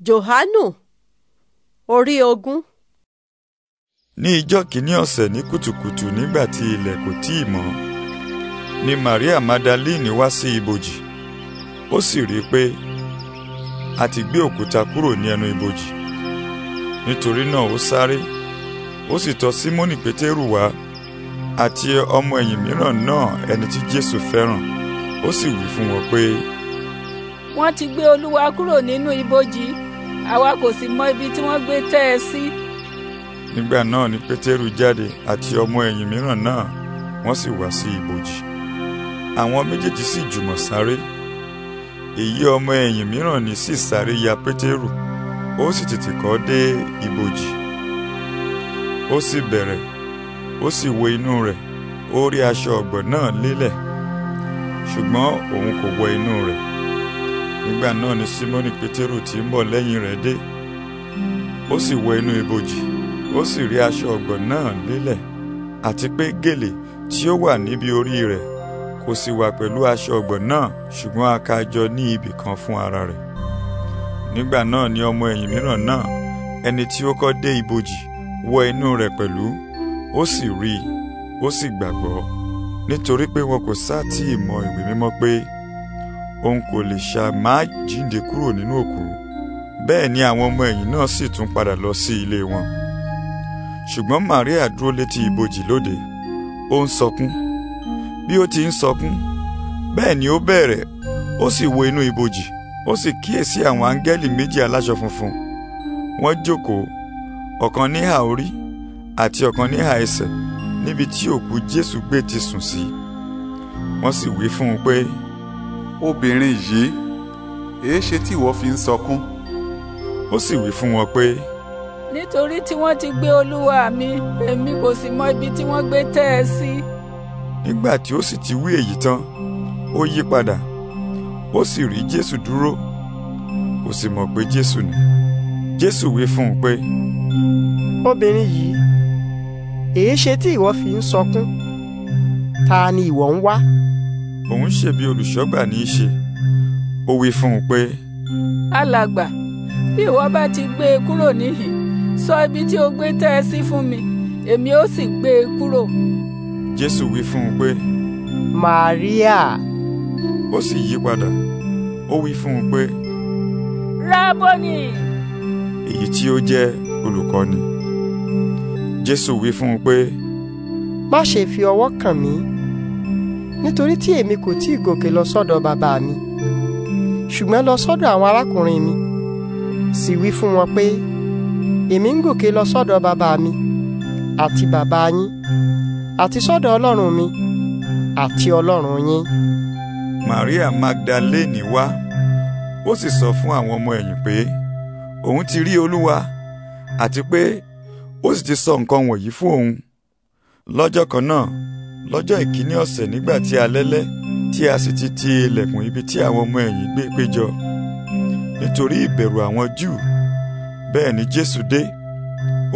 johanu orí ogún. ní ijọ́ kìíní ọ̀sẹ̀ ní kùtùkùtù nígbà tí ilẹ̀ kò tí ì mọ́ ni maria magdalene wá sí ibojì ó sì rí i pé a ti gbé òkúta kúrò ní ẹnu ibojì nítorí náà ó sáré ó sì tọ̀ símónì pétérù wá àti ọmọ ẹ̀yìn mìíràn náà ẹni tí jésù fẹ́ràn ó sì wí fún wọn pé. wọ́n ti gbé olúwa kúrò nínú ibojì àwa kò sì mọ ibi tí wọ́n gbé tẹ́ ẹ sí. nígbà náà ni pétérù jáde àti ọmọ ẹ̀yìn mìíràn náà wọ́n sì wá sí ibojì àwọn méjèèjì sì jùmọ̀ sáré èyí ọmọ ẹ̀yìn mìíràn ni sì sáré ya pétérù ó sì tètè kọ́ dé ibojì ó sì bẹ̀rẹ̀ ó sì wo inú rẹ̀ ó rí aṣọ ọ̀gbọ̀ náà lélẹ̀ ṣùgbọ́n òun kò wọ inú rẹ̀ nígbà náà ni simoni pétérù tí ń bọ̀ lẹ́yìn rẹ̀ dé ó sì wọ inú ibojì ó sì rí aṣọ ọ̀gbọ̀ náà lélẹ̀ àti pé gèlè tí ó wà níbi orí rẹ̀ kò sì wà pẹ̀lú aṣọ ọ̀gbọ̀ náà ṣùgbọ́n a ní ibì kan fún ara rẹ̀ nígbà náà ni ọmọ ẹ̀yìn mìíràn náà ẹni tí ó kọ́ dé ibojì wọ inú rẹ̀ pẹ̀lú ó sì rí i ó sì gbàgbọ́ nítorí pé wọn kò sá tí ì mọ ìwé mímọ́ pé òun kò lè ṣá máa jíǹde kúrò nínú òkú bẹ́ẹ̀ ni àwọn ọmọ ẹ̀yìn náà sì tún padà lọ sí ilé wọn ṣùgbọ́n Maria dúró létí ibojì lóde ó ń sọkún bí ó ti ń sọkún bẹ́ẹ̀ ni ó bẹ̀rẹ̀ ó sì wo inú ibojì ó sì kíyèsí àwọn áńgẹ́lì méjì aláṣọ funfun wọ́n jókòó ọ̀kan níhà orí àti ọ̀kan níhà ẹsẹ̀ níbi tí òkú Jésù gbé ti sùn sí wọ́n sì wí fún un pé. Si obìnrin yìí èéṣe tí ìwọ fi ń sọkún. ó sì wí fún wọn pé. nítorí tí wọ́n ti gbé olúwa mi èmi kò sì mọ ibi tí wọ́n gbé tẹ́ ẹ sí. nígbà tí ó sì ti wí èyí tán ó yí padà ó sì rí jésù dúró kò sì mọ̀ pé jésù ni jésù wí fún un pé. obìnrin yìí èéṣe tí ìwọ fi ń sọkún ta ni ìwọ ń wá òun ṣe bí olùṣọ́gbà ní í ṣe ó wí fún un pé. alàgbà bí ìwọ bá ti gbé e kúrò níhìn sọ ibi tí o gbé tẹ́ ẹ sí fún mi èmi ó sì gbé e kúrò. jésù wí fún un pé. màríà. ó sì yí padà ó wí fún un pé. rábọ́nì. èyí tí ó jẹ́ olùkọ́ni. jésù wí fún un pé. má ṣe fi ọwọ́ kàn mí nítorí tí èmi kò tí ì gòkè lọ sọ́dọ̀ bàbá mi ṣùgbọ́n lọ sọ́dọ̀ àwọn arákùnrin mi sì wí fún wọn pé èmi ń gòkè lọ sọ́dọ̀ bàbá mi àti bàbá yín àti sọ́dọ̀ ọlọ́run mi àti ọlọ́run yín. Maria Magdalene wá ó sì sọ fún àwọn ọmọ ẹ̀yìn pé òun ti rí Olúwa àti pé ó sì ti sọ nǹkan wọ̀nyí fún òun lọ́jọ́ kan náà lọ́jọ́ ìkíní ọ̀sẹ̀ nígbà tí alẹ́lẹ́ tí a sì ti ti ilẹ̀kùn ibi tí àwọn ọmọ ẹ̀yìn gbé péjọ nítorí ìbẹ̀rù àwọn Júù bẹ́ẹ̀ ni Jésù dé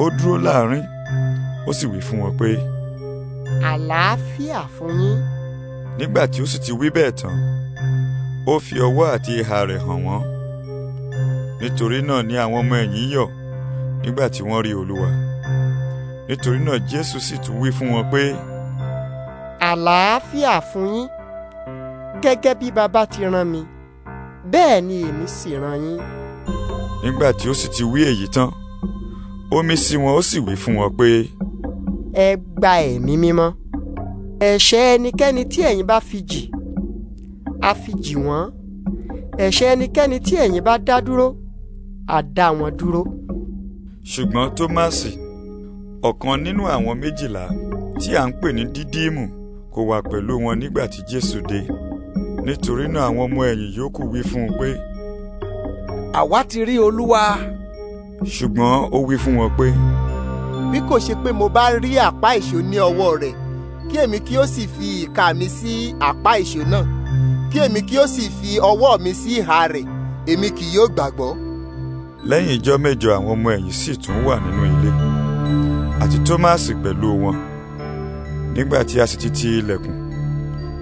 ó dúró láàrin ó sì wí fún wọn pé. àlàáfíà fún yín. nígbà tí ó sì ti wí bẹ́ẹ̀ tán ó fi ọwọ́ àti ìhà rẹ̀ hàn wọ́n nítorí náà ni àwọn ọmọ ẹ̀yìn yọ̀ nígbà tí wọ́n rí Olúwa nítorí náà Jésù sì tún wí fún wọn pé àlàáfíà fún yín gẹ́gẹ́ bí baba ti rán mi bẹ́ẹ̀ ni èmi sì rán yín. nígbà tí ó sì ti wí èyí tán ó mí sí wọn ó sì wí fún wọn pé. ẹ gba ẹ̀mí mímọ́ ẹ̀ṣẹ̀ ẹnikẹ́ni tí ẹ̀yin bá fi jì á fi jì wọ́n ẹ̀ṣẹ̀ ẹnikẹ́ni tí ẹ̀yin bá dá dúró á dá wọn dúró. ṣùgbọ́n Tómásì ọ̀kan nínú àwọn méjìlá tí à ń pè ní dídímù kò wà pẹ̀lú wọn nígbà tí Jésù dé nítorí náà àwọn ọmọ ẹ̀yìn yòókù wí fún un pé. àwa ti rí Olúwa. ṣùgbọ́n ó wí fún wọn pé. bí kò ṣe pé mo bá rí àpá ìṣó ní ọwọ́ rẹ̀ kí èmi kí ó sì fi ìka mi sí àpá ìṣó náà kí èmi kí ó sì fi ọwọ́ mi sí ìhà rẹ̀ èmi kì yóò gbàgbọ́. lẹ́yìn ijọ́ mẹ́jọ àwọn ọmọ ẹ̀yìn sì tún wà nínú ilé àti Tómásì pẹ̀lú wọn nígbà tí a sì ti ti ilẹ̀kùn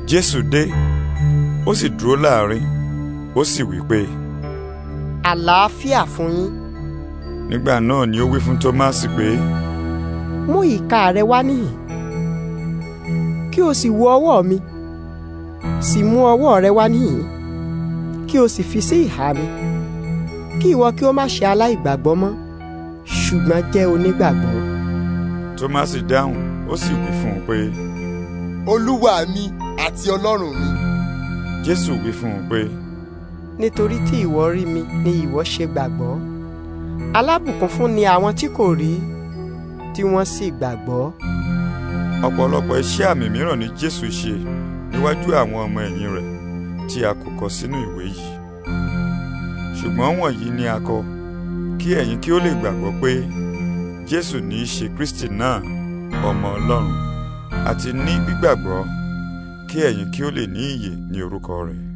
jésù dé ó sì dúró láàrin ó sì wí pé. àlàáfíà fún yín. nígbà náà ni ó wí fún tọ́másì pé. mú ìka rẹ wá níhìn kí o sì wo ọwọ́ mi sì mú ọwọ́ rẹ wá níhìn kí o sì fi sí ìhà mi kí ìwọ kí o má ṣe aláìgbàgbọ́ mọ́ ṣùgbọ́n jẹ́ onígbàgbọ́. Tomasi dáhùn ó sì wí fún un pé. olúwa mi àti ọlọ́run mi. Jésù wí fún un pé. nítorí tí ìwọ rí mi ni ìwọ ṣe gbàgbọ́ alábùkún fún ni àwọn tí kò rí tí wọ́n sì gbàgbọ́. ọ̀pọ̀lọpọ̀ iṣẹ́ àmì mìíràn ni Jésù ṣe níwájú àwọn ọmọ ẹ̀yìn rẹ̀ tí a kò kọ sínú ìwé yìí ṣùgbọ́n wọ̀nyí ni a kọ kí ẹ̀yin kí ó lè gbàgbọ́ pé jésù ní í ṣe kristi náà ọmọ ọlọ́run àti ní gbígbàgbọ́ kí ẹ̀yin kí ó lè ní ìyè ní orúkọ rẹ̀